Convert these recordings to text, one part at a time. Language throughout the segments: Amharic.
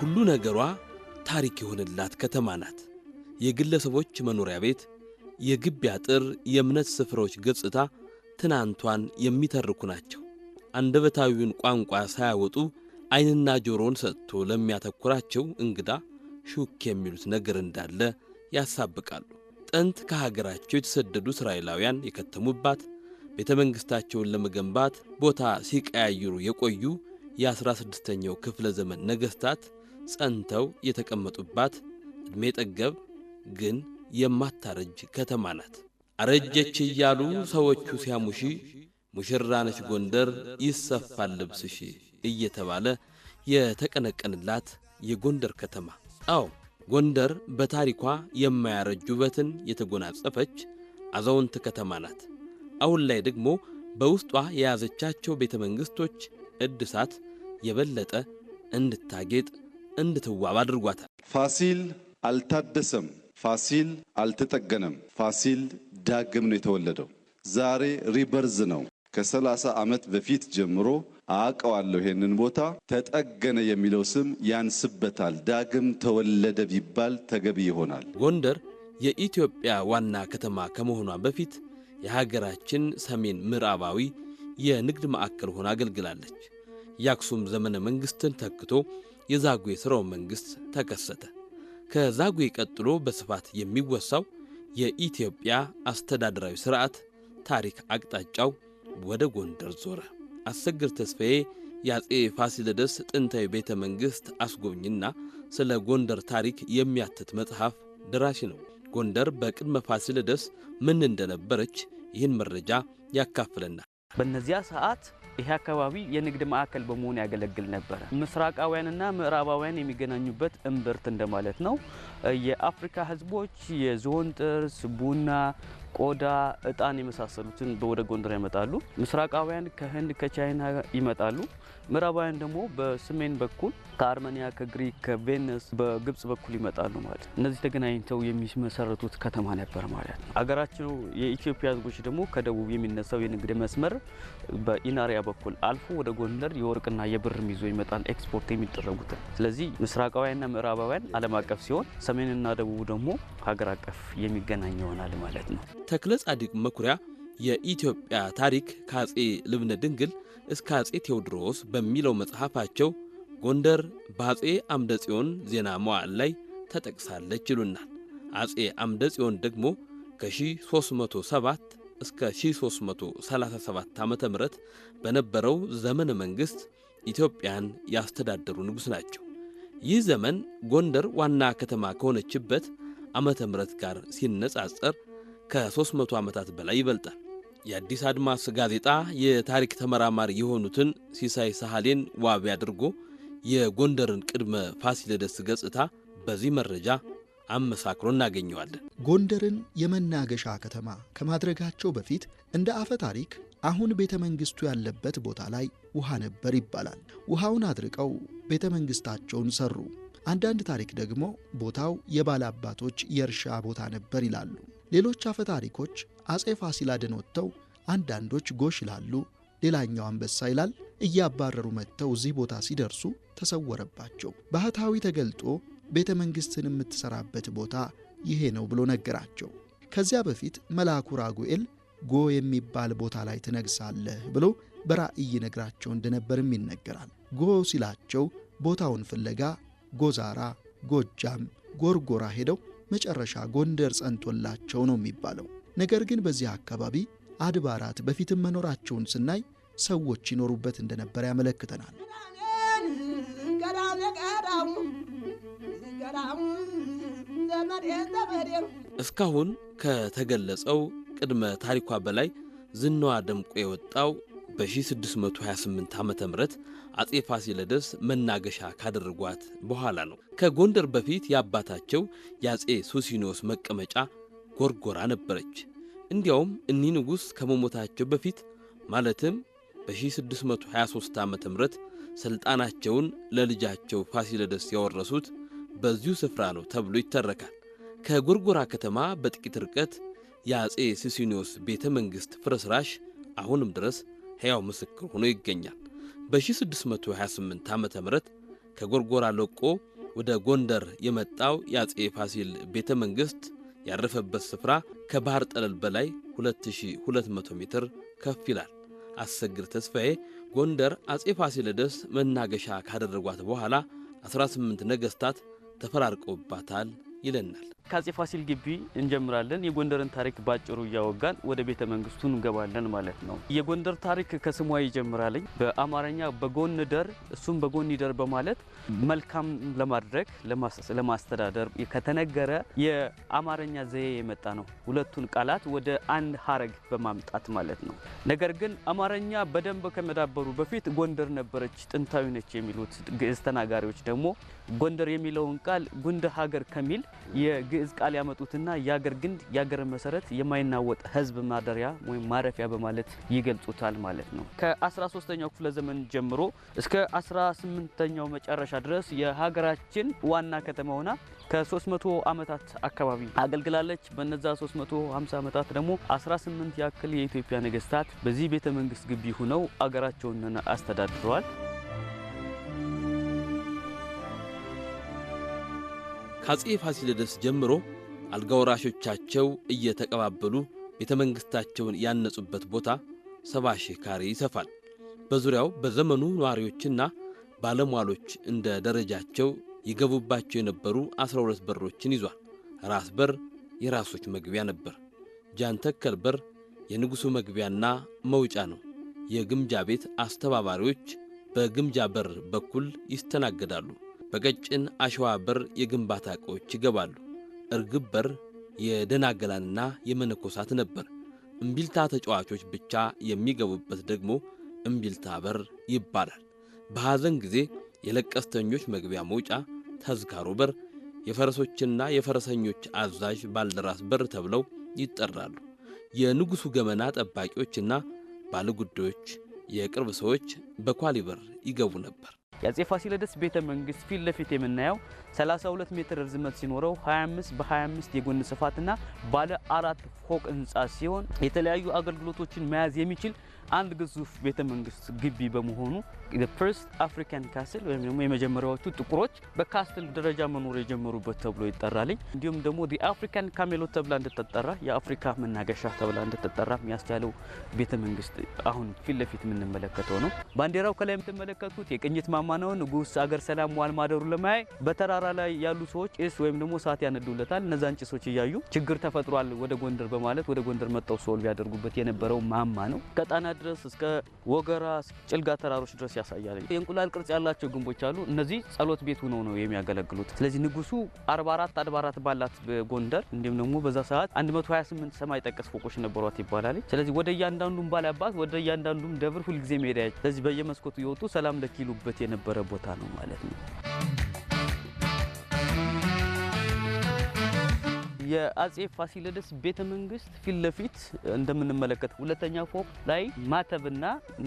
ሁሉ ነገሯ ታሪክ የሆነላት ከተማ ናት። የግለሰቦች መኖሪያ ቤት፣ የግቢ አጥር፣ የእምነት ስፍራዎች ገጽታ ትናንቷን የሚተርኩ ናቸው። አንደበታዊውን ቋንቋ ሳያወጡ ዐይንና ጆሮን ሰጥቶ ለሚያተኩራቸው እንግዳ ሹክ የሚሉት ነገር እንዳለ ያሳብቃሉ። ጥንት ከሀገራቸው የተሰደዱ እስራኤላውያን የከተሙባት ቤተ መንግሥታቸውን ለመገንባት ቦታ ሲቀያይሩ የቆዩ 16 ስድስተኛው ክፍለ ዘመን ነገሥታት ጸንተው የተቀመጡባት ዕድሜ ጠገብ ግን የማታረጅ ከተማ ናት። አረጀች እያሉ ሰዎቹ ሲያሙሺ ሙሽራነች ጎንደር ይሰፋል ልብስሽ እየተባለ የተቀነቀንላት የጎንደር ከተማ። አዎ ጎንደር በታሪኳ የማያረጅ ውበትን የተጎናጸፈች አዛውንት ከተማ ናት። አሁን ላይ ደግሞ በውስጧ የያዘቻቸው ቤተ መንግሥቶች እድሳት የበለጠ እንድታጌጥ እንድትዋብ አድርጓታል። ፋሲል አልታደሰም፣ ፋሲል አልተጠገነም፣ ፋሲል ዳግም ነው የተወለደው። ዛሬ ሪበርዝ ነው። ከሰላሳ ዓመት በፊት ጀምሮ አውቀዋለሁ ይሄንን ቦታ። ተጠገነ የሚለው ስም ያንስበታል። ዳግም ተወለደ ቢባል ተገቢ ይሆናል። ጎንደር የኢትዮጵያ ዋና ከተማ ከመሆኗ በፊት የሀገራችን ሰሜን ምዕራባዊ የንግድ ማዕከል ሆና አገልግላለች። የአክሱም ዘመነ መንግሥትን ተክቶ የዛጉዌ ሥርወ መንግሥት ተከሰተ። ከዛጉዌ ቀጥሎ በስፋት የሚወሳው የኢትዮጵያ አስተዳደራዊ ሥርዓት ታሪክ አቅጣጫው ወደ ጎንደር ዞረ። አሰግድ ተስፋዬ የአጼ ፋሲለደስ ጥንታዊ ቤተ መንግሥት አስጎብኝና ስለ ጎንደር ታሪክ የሚያትት መጽሐፍ ደራሲ ነው። ጎንደር በቅድመ ፋሲለደስ ምን እንደነበረች ይህን መረጃ ያካፍለናል። በእነዚያ ሰዓት ይህ አካባቢ የንግድ ማዕከል በመሆን ያገለግል ነበረ። ምስራቃውያንና ምዕራባውያን የሚገናኙበት እምብርት እንደማለት ነው። የአፍሪካ ህዝቦች የዝሆን ጥርስ፣ ቡና፣ ቆዳ፣ እጣን የመሳሰሉትን ወደ ጎንደር ያመጣሉ። ምስራቃውያን ከህንድ ከቻይና ይመጣሉ። ምዕራባውያን ደግሞ በሰሜን በኩል ከአርመኒያ፣ ከግሪክ፣ ከቬነስ በግብጽ በኩል ይመጣሉ ማለት እነዚህ ተገናኝተው የሚመሰረቱት ከተማ ነበር ማለት ነው። አገራችን የኢትዮጵያ ህዝቦች ደግሞ ከደቡብ የሚነሳው የንግድ መስመር በኢናሪያ በኩል አልፎ ወደ ጎንደር የወርቅና የብርም ይዞ ይመጣል ኤክስፖርት የሚደረጉትን። ስለዚህ ምስራቃውያንና ምዕራባውያን ዓለም አቀፍ ሲሆን፣ ሰሜንና ደቡቡ ደግሞ ሀገር አቀፍ የሚገናኝ ይሆናል ማለት ነው። ተክለ ጻዲቅ መኩሪያ የኢትዮጵያ ታሪክ ከአጼ ልብነ ድንግል እስከ አጼ ቴዎድሮስ በሚለው መጽሐፋቸው ጎንደር በአጼ አምደ ጽዮን ዜና መዋዕል ላይ ተጠቅሳለች ይሉናል። አጼ አምደ ጽዮን ደግሞ ከ1307 እስከ 1337 ዓ ም በነበረው ዘመነ መንግሥት ኢትዮጵያን ያስተዳደሩ ንጉሥ ናቸው። ይህ ዘመን ጎንደር ዋና ከተማ ከሆነችበት ዓመተ ምሕረት ጋር ሲነጻጸር ከ300 ዓመታት በላይ ይበልጣል። የአዲስ አድማስ ጋዜጣ የታሪክ ተመራማሪ የሆኑትን ሲሳይ ሳህሌን ዋቢ አድርጎ የጎንደርን ቅድመ ፋሲለደስ ገጽታ በዚህ መረጃ አመሳክሮ እናገኘዋለን። ጎንደርን የመናገሻ ከተማ ከማድረጋቸው በፊት እንደ አፈ ታሪክ አሁን ቤተ መንግሥቱ ያለበት ቦታ ላይ ውሃ ነበር ይባላል። ውሃውን አድርቀው ቤተ መንግሥታቸውን ሰሩ። አንዳንድ ታሪክ ደግሞ ቦታው አባቶች የእርሻ ቦታ ነበር ይላሉ። ሌሎች አፈ ታሪኮች አፄ ፋሲላደን ወጥተው አንዳንዶች ጎሽ ይላሉ፣ ሌላኛው አንበሳ ይላል። እያባረሩ መጥተው እዚህ ቦታ ሲደርሱ ተሰወረባቸው። ባህታዊ ተገልጦ ቤተ መንግሥትን የምትሠራበት ቦታ ይሄ ነው ብሎ ነገራቸው። ከዚያ በፊት መልአኩ ራጉኤል ጎ የሚባል ቦታ ላይ ትነግሳለህ ብሎ በራእይ ነግራቸው እንደነበርም ይነገራል። ጎ ሲላቸው ቦታውን ፍለጋ ጎዛራ፣ ጎጃም፣ ጎርጎራ ሄደው መጨረሻ ጎንደር ጸንቶላቸው ነው የሚባለው። ነገር ግን በዚህ አካባቢ አድባራት በፊትም መኖራቸውን ስናይ ሰዎች ይኖሩበት እንደነበር ያመለክተናል። እስካሁን ከተገለጸው ቅድመ ታሪኳ በላይ ዝናዋ ደምቆ የወጣው በ1628 ዓ ም አጼ ፋሲለደስ መናገሻ ካደረጓት በኋላ ነው። ከጎንደር በፊት የአባታቸው የአጼ ሱሲኒዮስ መቀመጫ ጎርጎራ ነበረች። እንዲያውም እኒህ ንጉሥ ከመሞታቸው በፊት ማለትም በ1623 ዓ ም ሥልጣናቸውን ለልጃቸው ፋሲለደስ ያወረሱት በዚሁ ስፍራ ነው ተብሎ ይተረካል። ከጎርጎራ ከተማ በጥቂት ርቀት የአጼ ሱሲኒዮስ ቤተ መንግሥት ፍርስራሽ አሁንም ድረስ ሕያው ምስክር ሆኖ ይገኛል። በ628 ዓ ም ከጎርጎራ ለቆ ወደ ጎንደር የመጣው የአጼ ፋሲል ቤተ መንግሥት ያረፈበት ስፍራ ከባሕር ጠለል በላይ 2200 ሜትር ከፍ ይላል። አሰግድ ተስፋዬ ጎንደር አጼ ፋሲለደስ መናገሻ ካደረጓት በኋላ 18 ነገሥታት ተፈራርቀውባታል ይለናል። ከአፄ ፋሲል ግቢ እንጀምራለን። የጎንደርን ታሪክ ባጭሩ እያወጋን ወደ ቤተ መንግስቱ እንገባለን ማለት ነው። የጎንደር ታሪክ ከስሟ ይጀምራልኝ በአማርኛ ደር፣ እሱም ደር በማለት መልካም ለማድረግ ለማስተዳደር ከተነገረ የአማርኛ ዘዬ የመጣ ነው። ሁለቱን ቃላት ወደ አንድ ሀረግ በማምጣት ማለት ነው። ነገር ግን አማርኛ በደንብ ከመዳበሩ በፊት ጎንደር ነበረች፣ ጥንታዊ ነች የሚሉት ግዕዝ ተናጋሪዎች ደግሞ ጎንደር የሚለውን ቃል ጉንደ ሀገር ከሚል የግ የግዕዝ ቃል ያመጡትና የአገር ግንድ የአገር መሰረት የማይናወጥ ህዝብ ማደሪያ ወይም ማረፊያ በማለት ይገልጹታል ማለት ነው። ከ13ኛው ክፍለ ዘመን ጀምሮ እስከ 18ኛው መጨረሻ ድረስ የሀገራችን ዋና ከተማ ሆና ከ300 ዓመታት አካባቢ አገልግላለች። በነዛ 350 ዓመታት ደግሞ 18 ያክል የኢትዮጵያ ነገስታት በዚህ ቤተ መንግስት ግቢ ሆነው አገራቸውን አስተዳድረዋል። ከአጼ ፋሲለደስ ጀምሮ አልጋ ወራሾቻቸው እየተቀባበሉ ቤተ መንግሥታቸውን ያነጹበት ቦታ ሰባ ሺህ ካሬ ይሰፋል። በዙሪያው በዘመኑ ነዋሪዎችና ባለሟሎች እንደ ደረጃቸው ይገቡባቸው የነበሩ ዐሥራ ሁለት በሮችን ይዟል። ራስ በር የራሶች መግቢያ ነበር። ጃንተከል በር የንጉሡ መግቢያና መውጫ ነው። የግምጃ ቤት አስተባባሪዎች በግምጃ በር በኩል ይስተናገዳሉ። በቀጭን አሸዋ በር የግንባታ ዕቃዎች ይገባሉ። እርግብ በር የደናገላንና የመነኮሳት ነበር። እምቢልታ ተጫዋቾች ብቻ የሚገቡበት ደግሞ እምቢልታ በር ይባላል። በሐዘን ጊዜ የለቀስተኞች መግቢያ መውጫ ተዝካሮ በር፣ የፈረሶችና የፈረሰኞች አዛዥ ባልደራስ በር ተብለው ይጠራሉ። የንጉሡ ገመና ጠባቂዎችና ባለጉዳዮች የቅርብ ሰዎች በኳሊ በር ይገቡ ነበር። የአፄ ፋሲለደስ ቤተ መንግስት ፊት ለፊት የምናየው 32 ሜትር ርዝመት ሲኖረው 25 በ25 የጎን ስፋትና ባለ አራት ፎቅ ህንፃ ሲሆን የተለያዩ አገልግሎቶችን መያዝ የሚችል አንድ ግዙፍ ቤተ መንግስት ግቢ በመሆኑ ፈርስት አፍሪካን ካስል ወይም ደግሞ የመጀመሪያዎቹ ጥቁሮች በካስትል ደረጃ መኖር የጀመሩበት ተብሎ ይጠራልኝ። እንዲሁም ደግሞ አፍሪካን ካሜሎ ተብላ እንድትጠራ የአፍሪካ መናገሻ ተብላ እንድትጠራ ያስቻለው ቤተ መንግስት አሁን ፊት ለፊት የምንመለከተው ነው። ባንዲራው ከላይ የምትመለከቱት የቅኝት ማማ ነው። ንጉስ አገር ሰላም ዋል ማደሩ ለማያይ በተራራ ላይ ያሉ ሰዎች ጭስ ወይም ደግሞ ሰዓት ያነዱለታል። እነዛን ጭሶች እያዩ ችግር ተፈጥሯል ወደ ጎንደር በማለት ወደ ጎንደር መጠው ሶልቭ ያደርጉበት የነበረው ማማ ነው። ከጣና ድረስ እስከ ወገራ ጭልጋ ተራሮች ድረስ ያሳያል። የእንቁላል ቅርጽ ያላቸው ግንቦች አሉ። እነዚህ ጸሎት ቤት ሆነው ነው የሚያገለግሉት። ስለዚህ ንጉሱ 44 አድባራት ባላት ጎንደር እንዲሁም ደግሞ በዛ ሰዓት 128 ሰማይ ጠቀስ ፎቆች ነበሯት ይባላል። ስለዚህ ወደ እያንዳንዱም ባለ አባት ወደ እያንዳንዱም ደብር ሁልጊዜ መሄዳያቸው ስለዚህ በየመስኮቱ የወጡ ሰላም ለኪሉበት የነበረ ቦታ ነው ማለት ነው። የአጼ ፋሲለደስ ቤተ መንግስት ፊት ለፊት እንደምንመለከት ሁለተኛ ፎቅ ላይ ማተብና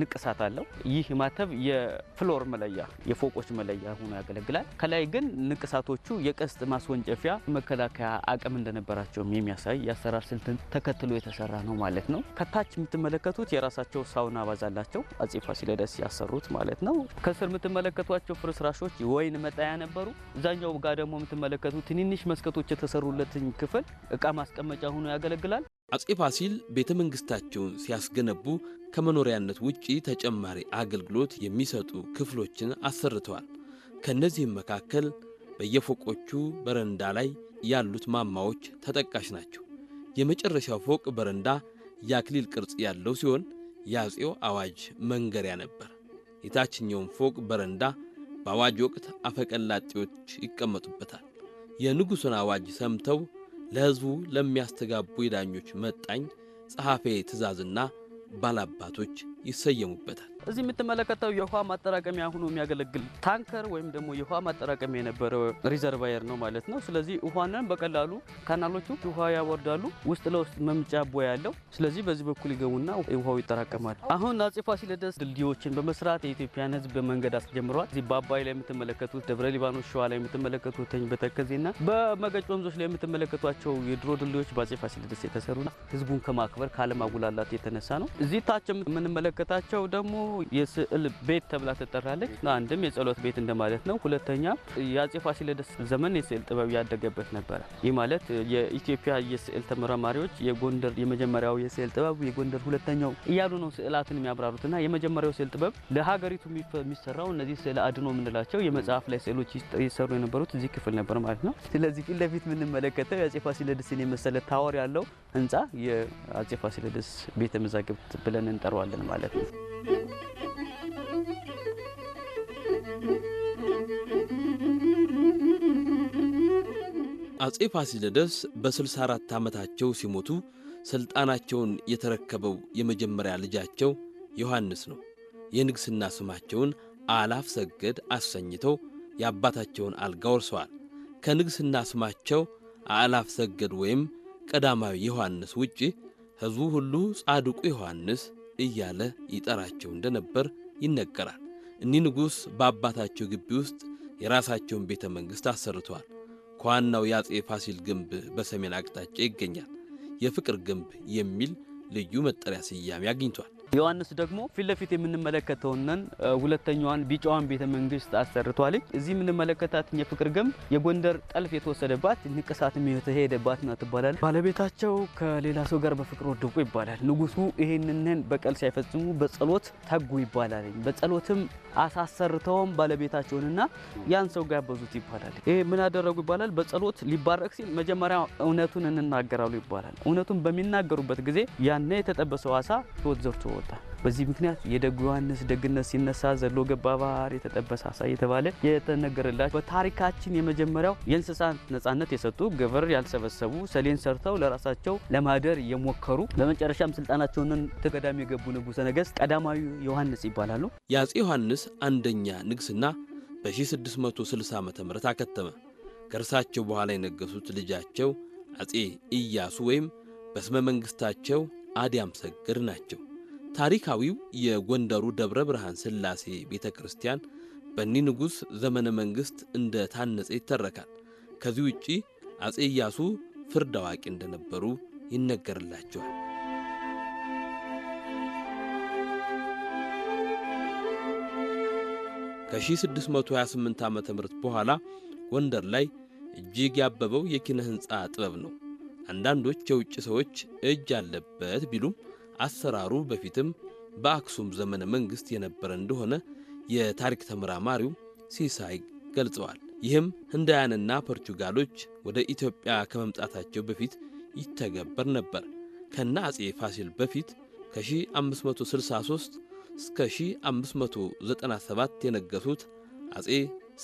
ንቅሳት አለው። ይህ ማተብ የፍሎር መለያ የፎቆች መለያ ሆኖ ያገለግላል። ከላይ ግን ንቅሳቶቹ የቀስት ማስወንጨፊያ መከላከያ አቅም እንደነበራቸውም የሚያሳይ የአሰራር ስልትን ተከትሎ የተሰራ ነው ማለት ነው። ከታች የምትመለከቱት የራሳቸው ሳውና ባዛላቸው አጼ ፋሲለደስ ያሰሩት ማለት ነው። ከስር የምትመለከቷቸው ፍርስራሾች ወይን መጣያ ነበሩ። እዛኛው ጋር ደግሞ የምትመለከቱት ትንንሽ መስከቶች የተሰሩለትን ክፍል እቃ ማስቀመጫ ሆኖ ያገለግላል። አጼ ፋሲል ቤተ መንግስታቸውን ሲያስገነቡ ከመኖሪያነት ውጪ ተጨማሪ አገልግሎት የሚሰጡ ክፍሎችን አሰርተዋል። ከእነዚህም መካከል በየፎቆቹ በረንዳ ላይ ያሉት ማማዎች ተጠቃሽ ናቸው። የመጨረሻው ፎቅ በረንዳ የአክሊል ቅርጽ ያለው ሲሆን የአጼው አዋጅ መንገሪያ ነበር። የታችኛውን ፎቅ በረንዳ በአዋጅ ወቅት አፈቀላጤዎች ይቀመጡበታል። የንጉሡን አዋጅ ሰምተው ለሕዝቡ ለሚያስተጋቡ የዳኞች መጣኝ ጸሐፌ ትእዛዝና ባላባቶች ይሰየሙበታል። እዚህ የምትመለከተው የውሃ ማጠራቀሚያ ሆኖ የሚያገለግል ታንከር ወይም ደግሞ የውሃ ማጠራቀሚያ የነበረ ሪዘርቫየር ነው ማለት ነው። ስለዚህ ውሃንን በቀላሉ ካናሎቹ ውሃ ያወርዳሉ። ውስጥ ለውስጥ መምጫ ቦይ ያለው ስለዚህ በዚህ በኩል ይገቡና ውሃው ይጠራቀማል። አሁን አፄ ፋሲለደስ ድልድዮችን በመስራት የኢትዮጵያን ሕዝብ በመንገድ አስጀምረዋል። እዚህ በአባይ ላይ የምትመለከቱት፣ ደብረ ሊባኖስ ሸዋ ላይ የምትመለከቱት፣ ተኝ በተከዜና በመገጭ ወንዞች ላይ የምትመለከቷቸው የድሮ ድልድዮች በአፄ ፋሲለደስ የተሰሩና ሕዝቡን ከማክበር ካለማጉላላት የተነሳ ነው። እዚህ ታች የምንመለ የምንመለከታቸው ደግሞ የስዕል ቤት ተብላ ትጠራለች። አንድም የጸሎት ቤት እንደማለት ነው። ሁለተኛ የአጼ ፋሲለደስ ዘመን የስዕል ጥበብ ያደገበት ነበረ። ይህ ማለት የኢትዮጵያ የስዕል ተመራማሪዎች የጎንደር የመጀመሪያው የስዕል ጥበብ የጎንደር ሁለተኛው እያሉ ነው ስዕላትን የሚያብራሩትና የመጀመሪያው ስዕል ጥበብ ለሀገሪቱ የሚሰራው እነዚህ ስዕል አድኖ የምንላቸው የመጽሐፍ ላይ ስዕሎች ይሰሩ የነበሩት እዚህ ክፍል ነበር ማለት ነው። ስለዚህ ፊት ለፊት የምንመለከተው የአጼ ፋሲለደስን የመሰለ ታወር ያለው ህንፃ የአጼ ፋሲለደስ ቤተ መዛግብት ብለን እንጠራዋለን ማለት ነው። አጼ ፋሲለደስ በ64 ዓመታቸው ሲሞቱ ሥልጣናቸውን የተረከበው የመጀመሪያ ልጃቸው ዮሐንስ ነው። የንግሥና ስማቸውን አላፍ ሰገድ አሰኝተው የአባታቸውን አልጋ ወርሰዋል። ከንግሥና ስማቸው አላፍ ሰገድ ወይም ቀዳማዊ ዮሐንስ ውጪ ሕዝቡ ሁሉ ጻድቁ ዮሐንስ እያለ ይጠራቸው እንደነበር ይነገራል። እኒህ ንጉሥ በአባታቸው ግቢ ውስጥ የራሳቸውን ቤተ መንግሥት አሰርተዋል። ከዋናው የአጼ ፋሲል ግንብ በሰሜን አቅጣጫ ይገኛል። የፍቅር ግንብ የሚል ልዩ መጠሪያ ስያሜ አግኝቷል። ዮሐንስ ደግሞ ፊት ለፊት የምንመለከተውንን ሁለተኛዋን ቢጫዋን ቤተ መንግስት አሰርቷለች። እዚህ የምንመለከታትን የፍቅር ግንብ የጎንደር ጠልፍ የተወሰደባት ንቅሳት የተሄደባት ነው ትባላል። ባለቤታቸው ከሌላ ሰው ጋር በፍቅር ወደቁ ይባላል። ንጉሱ ይህንን በቀል ሳይፈጽሙ በጸሎት ተጉ ይባላል። በጸሎትም አሳሰርተውም ባለቤታቸውንና ያን ሰው ጋበዙት ይባላል። ይሄ ምን አደረጉ ይባላል። በጸሎት ሊባረክ ሲል መጀመሪያ እውነቱን እንናገራሉ ይባላል። እውነቱን በሚናገሩበት ጊዜ ያነ የተጠበሰው አሳ ህይወት ዘርቶ ወጣ። በዚህ ምክንያት የደጉ ዮሐንስ ደግነት ሲነሳ ዘሎ ገባ ባህር የተጠበሰ አሳ የተባለ የተነገረላቸው በታሪካችን የመጀመሪያው የእንስሳ ነጻነት የሰጡ ግብር ያልሰበሰቡ ሰሌን ሰርተው ለራሳቸው ለማደር የሞከሩ በመጨረሻም ስልጣናቸውን ተቀዳሚ የገቡ ንጉሰ ነገስት ቀዳማዊ ዮሐንስ ይባላሉ። የአፄ ዮሐንስ አንደኛ ንግስና በ1660 ዓ ም አከተመ። ከእርሳቸው በኋላ የነገሱት ልጃቸው አፄ ኢያሱ ወይም በስመ መንግሥታቸው አዲያም ሰግር ናቸው። ታሪካዊው የጎንደሩ ደብረ ብርሃን ስላሴ ቤተ ክርስቲያን በኒ ንጉሥ ዘመነ መንግሥት እንደ ታነጸ ይተረካል። ከዚህ ውጪ አጼ ኢያሱ ፍርድ አዋቂ እንደነበሩ ይነገርላቸዋል። ከ1628 ዓ ም በኋላ ጎንደር ላይ እጅግ ያበበው የኪነ ሕንፃ ጥበብ ነው። አንዳንዶች የውጭ ሰዎች እጅ አለበት ቢሉም አሰራሩ በፊትም በአክሱም ዘመነ መንግሥት የነበረ እንደሆነ የታሪክ ተመራማሪው ሲሳይ ገልጸዋል። ይህም ህንዳያንና ፖርቹጋሎች ወደ ኢትዮጵያ ከመምጣታቸው በፊት ይተገበር ነበር። ከነ አጼ ፋሲል በፊት ከ1563 እስከ 1597 የነገሱት አጼ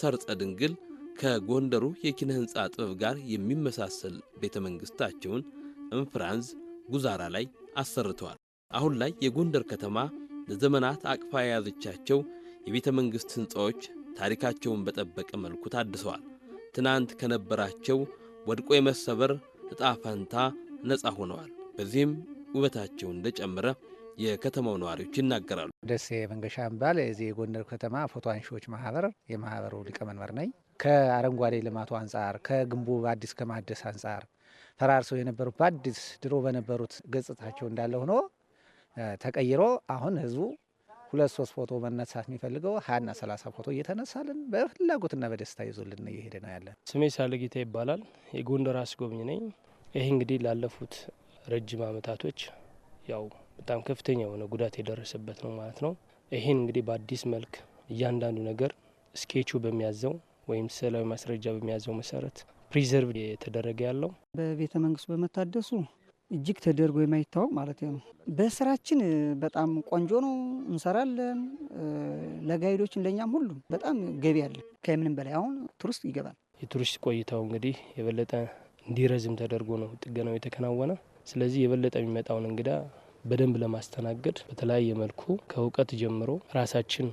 ሰርጸ ድንግል ከጎንደሩ የኪነ ሕንፃ ጥበብ ጋር የሚመሳሰል ቤተ መንግሥታቸውን እንፍራንዝ ጉዛራ ላይ አሰርተዋል። አሁን ላይ የጎንደር ከተማ ለዘመናት አቅፋ የያዘቻቸው የቤተ መንግሥት ሕንፃዎች ታሪካቸውን በጠበቀ መልኩ ታድሰዋል። ትናንት ከነበራቸው ወድቆ የመሰበር ዕጣ ፈንታ ነፃ ሆነዋል። በዚህም ውበታቸው እንደጨመረ የከተማው ነዋሪዎች ይናገራሉ። ደሴ መንገሻ እምባል የዚህ የጎንደር ከተማ ፎቶ አንሺዎች ማህበር የማህበሩ ሊቀመንበር ነኝ። ከአረንጓዴ ልማቱ አንጻር፣ ከግንቡ አዲስ ከማደስ አንጻር ፈራርሰው የነበሩት በአዲስ ድሮ በነበሩት ገጽታቸው እንዳለ ሆኖ ተቀይሮ አሁን ህዝቡ ሁለት ሶስት ፎቶ መነሳት የሚፈልገው ሀያና ሰላሳ ፎቶ እየተነሳልን በፍላጎትና በደስታ ይዞልን እየሄደ ነው ያለን። ስሜ ሳለጌታ ይባላል። የጎንደር አስጎብኝ ነኝ። ይህ እንግዲህ ላለፉት ረጅም አመታቶች ያው በጣም ከፍተኛ የሆነ ጉዳት የደረሰበት ነው ማለት ነው። ይህን እንግዲህ በአዲስ መልክ እያንዳንዱ ነገር ስኬቹ በሚያዘው ወይም ስዕላዊ ማስረጃ በሚያዘው መሰረት ፕሪዘርቭ የተደረገ ያለው በቤተ መንግስቱ በመታደሱ እጅግ ተደርጎ የማይታወቅ ማለት ነው። በስራችን በጣም ቆንጆ ነው፣ እንሰራለን። ለጋይዶችን ለእኛም ሁሉም በጣም ገቢ አለ። ከምንም በላይ አሁን ቱሪስት ይገባል። የቱሪስት ቆይታው እንግዲህ የበለጠ እንዲረዝም ተደርጎ ነው ጥገናው የተከናወነ። ስለዚህ የበለጠ የሚመጣውን እንግዳ በደንብ ለማስተናገድ በተለያየ መልኩ ከእውቀት ጀምሮ ራሳችን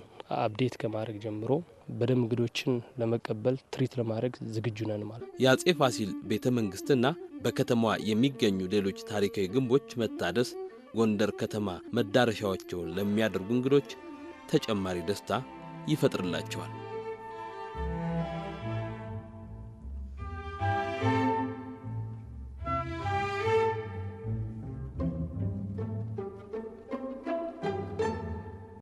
አብዴት ከማድረግ ጀምሮ በደንብ እንግዶችን ለመቀበል ትሪት ለማድረግ ዝግጁ ነን ማለት ነው። የአጼ ፋሲል ቤተ መንግስትና በከተማዋ የሚገኙ ሌሎች ታሪካዊ ግንቦች መታደስ ጎንደር ከተማ መዳረሻዎቸውን ለሚያደርጉ እንግዶች ተጨማሪ ደስታ ይፈጥርላቸዋል።